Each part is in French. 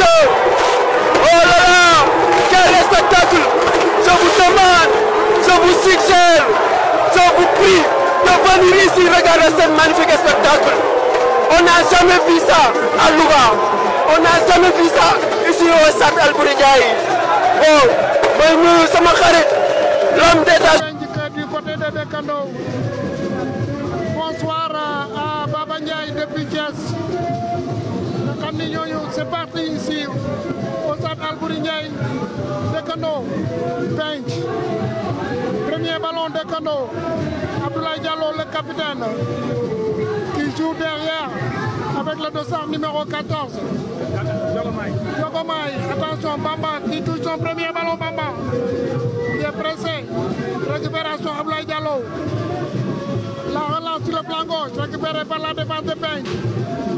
Oh là là Quel spectacle Je vous demande, je vous suggère, je vous prie de venir ici regarder ce magnifique spectacle. On n'a jamais vu ça à Louga. On n'a jamais vu ça ici au Stade al Oh, Bon, mais ça sama xarit l'homme d'état Bonsoir à Baba Ndiaye depuis Thiès c'est parti ici au a Albouri de Bench. premier ballon de Kano. Abdoulaye Diallo le capitaine qui joue derrière avec le dossard numéro 14 attention Bamba qui touche son premier ballon Bamba il est pressé récupération Abdoulaye Diallo la relance sur le plan gauche récupéré par la défense de Bench.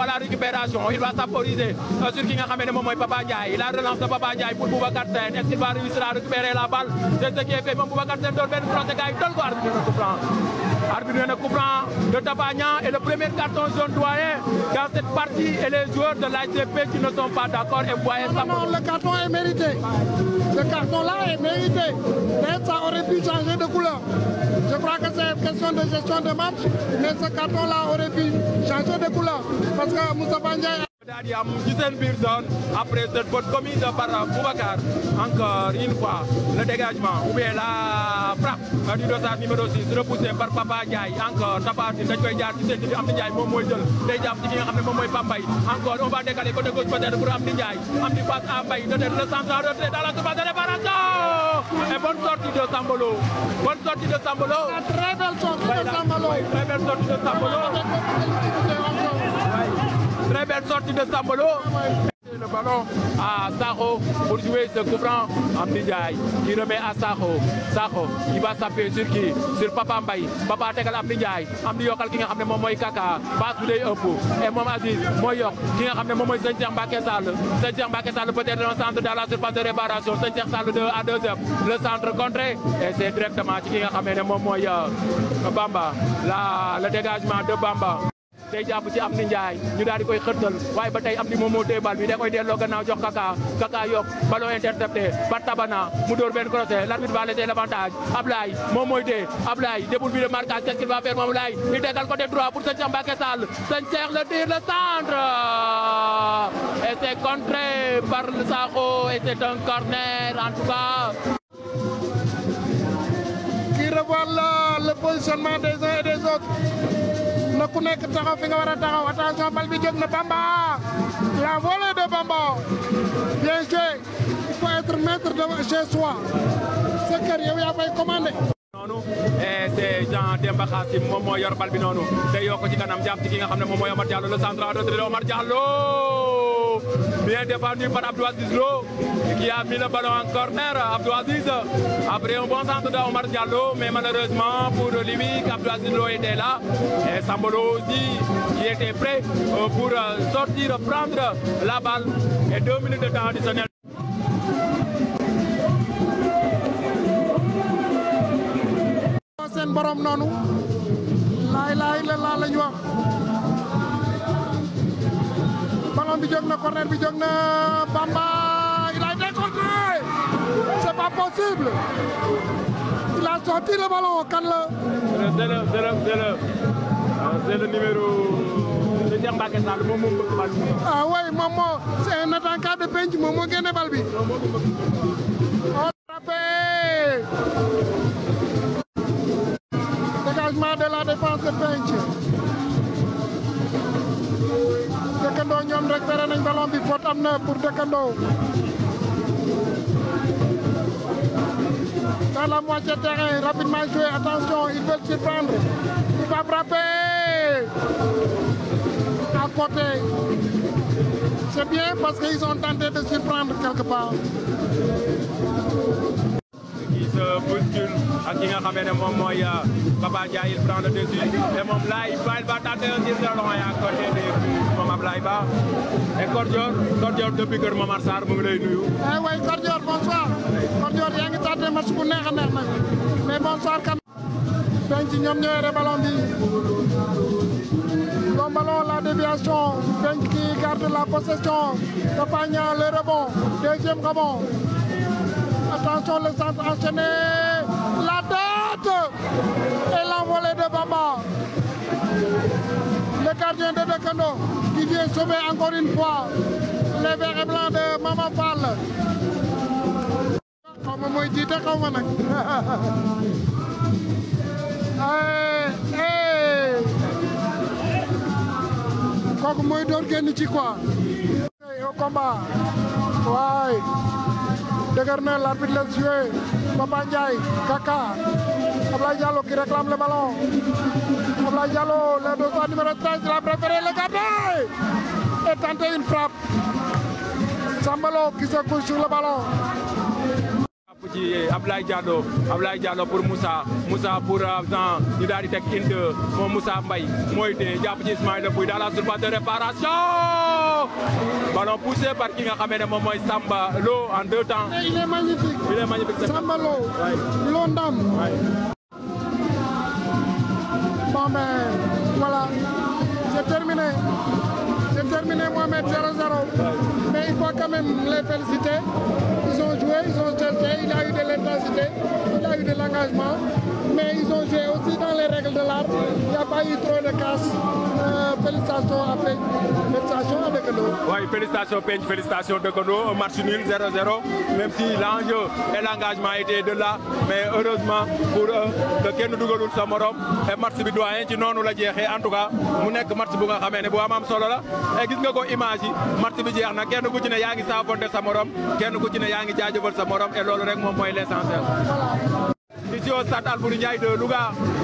à la récupération il va saporiser euh, sur qui a le ne Papa Ndiaye la relance de Papa Ndiaye pour Boubacar Sen. est-ce qu'il va réussir à récupérer la balle c'est ce qui est fait moom Boubacar Sène doon benn procès gars yi doon ko arbitre arbitre et le premier carton jaune doyen dans cette partie et les joueurs de l'AGP qui ne sont pas d'accord et voyez ça non, le carton est mérité ce carton là est mérité mais ça aurait pu changer de couleur je crois que question de gestion de match, mais ce carton-là aurait pu changer de couleur. Parce que Moussa Bandia daal di am ci seen biir zone après cette faute commise par Boubacar encore une fois le dégagement ou bien la frappe du dossard numéro 6 repoussé par Papa Ndiaye encore tabaati dañ koy jaar ci seen bi Amdi Ndiaye moom mooy jël day jàpp ci ki nga xam ne moom Pambay encore on va décaler côté gauche peut-être pour Amdi Ndiaye Amdi passe à Mbaye donne le centre en retrait dans la surface de réparation et bonne sortie de Sambolo bonne sortie de Sambolo très belle sortie de Sambolo très belle sortie de Sambolo Très belle sortie de Sambolo. Le ballon à Saho pour jouer ce coup franc à qui remet à Saho. Saho qui va s'appuyer sur qui Sur Papa Mbaye. Papa tegal Amdi à Amdi yokal qui a amené ne Kaka. Passe bi un Et Mom Aziz mooy yokk ki nga xam saint jean Mbacké Sall. saint jean Mbacké peut-être dans le centre dans la surface de réparation. Saint-Pierre Sall 2 à 2 heures. Le centre contré. Et c'est directement ci ki nga xam euh, Bamba. La, le dégagement de Bamba. day jàpp ci am ni Ndiaye ñu daal di koy xërtal waaye ba tey am ni moom moo téye bal bi da koy delloo gannaaw jox kaka kaka yokk ballon intercepté par Tabana mu dóor benn crosé l'arbitre va laisser l'avantage Ablaye moom mooy dee Ablaye déboule bi de marquage qu'est-ce qu'il va faire moom Laye il décale droit pour Sëñ Cheikh Mbacké Sall Sëñ le tire le centre et c'est contré par le Sakho et un corner en tout cas qui le positionnement des uns et des autres nekk taxaw fi nga war a taxaw attention bal bi jóg na Bamba la volée de Bamba bien joué il faut être maître de chez soi sa kër yow yaa fay commandé. noonu eh, c'est Jean Demba Khassim moom moo yor bal bi noonu te yokk ci kanam jàpp ci ki nga xam ne moom mooy Omar Diallo le bien défendu par Abdouaziz Lo qui a mis le ballon en corner. Abdouaziz, après un bon centre d'Omar Diallo, mais malheureusement pour lui, Abdouaziz Lo était là. Et Sambolo aussi qui était prêt euh, pour euh, sortir, prendre la balle. Et deux minutes de temps additionnel. Bamba il a c'est pas possible il a sorti le ballon kan c'est le c'est le c'est le c'est numéro de ah ouais, Momo c'est un attaquant de penc Momo oh, moo dégagement de la défense de talon bi du amna pour dëkkandoo dans la moitié terrain rapidement joué attention ils veulent surprendre il va frapper à côté c'est bien parce qu'ils ont tenté de surprendre quelque part qui se bouscule ak ki euh, Papa il prend le dessus et là il va il va tenter un tir de loin à côté de... Ablaye Ba et Kor Dior Kor Dior lay nuyu. ah eh oui bonsoir. Kor yaa ngi tardé match bu neex a neex nag mais bonsoir kan. Penc ñoom ñooy yore ballon bi don la déviation Penc qui garde la possession Fapalña le rebond deuxième rebond attention le centre enchaîné la date. le gardien de Dekendo qui vient sauver encore une fois les verts et blancs de Mama Fall. moi moi, je eh, eh. génn ci quoi. au combat de dëgër la l'arbitre la yeux. Papa Ndiaye Kaka Ablaye Diallo qui réclame le ballon. Abdoulaye Diallo le dossard numéro 13 il a préféré le garder et tenter une frappe Samba Lo qui se couche sur le ballon. jàpp ci Abdoulaye Diallo Abdoulaye Diallo pour Moussa Moussa pour Jean ñu daal di teg une mooy téye jàpp ci Ismaïla Pouye dans la surface de réparation ballon poussé par ki nga xamee ne moom mooy Samba Lo en deux temps. il est magnifique il est magnifique Samba Lo. Mais voilà, j'ai terminé. j'ai terminé, Mohamed 0-0. Mais il faut quand même les féliciter. Ils ont joué, ils ont cherché, il y a eu de l'intensité, il y a eu de l'engagement mais ils ont joué aussi dans les règles de l'art. Il n'y a pas eu trop de casse. Euh, félicitations à Peigne, félicitations à Degono. Oui, félicitations Peigne, félicitations Degono. Un match nul 0-0, même si l'enjeu et l'engagement étaient de là. Mais heureusement pour eux, que Kenou dugalul sa morom et match bi doyen ci noonu la dit. en tout cas mu nekk match bu nga xamee ne bu am am solo la. et gis nga ko image yi match bi jeex na kenn ku ci ne yaa ngi saafonte sa morom kenn ku ci ne yaa ngi sa morom et loolu rek moom mooy l'essentiel. ici au stade Albouri Ndiaye de Louga.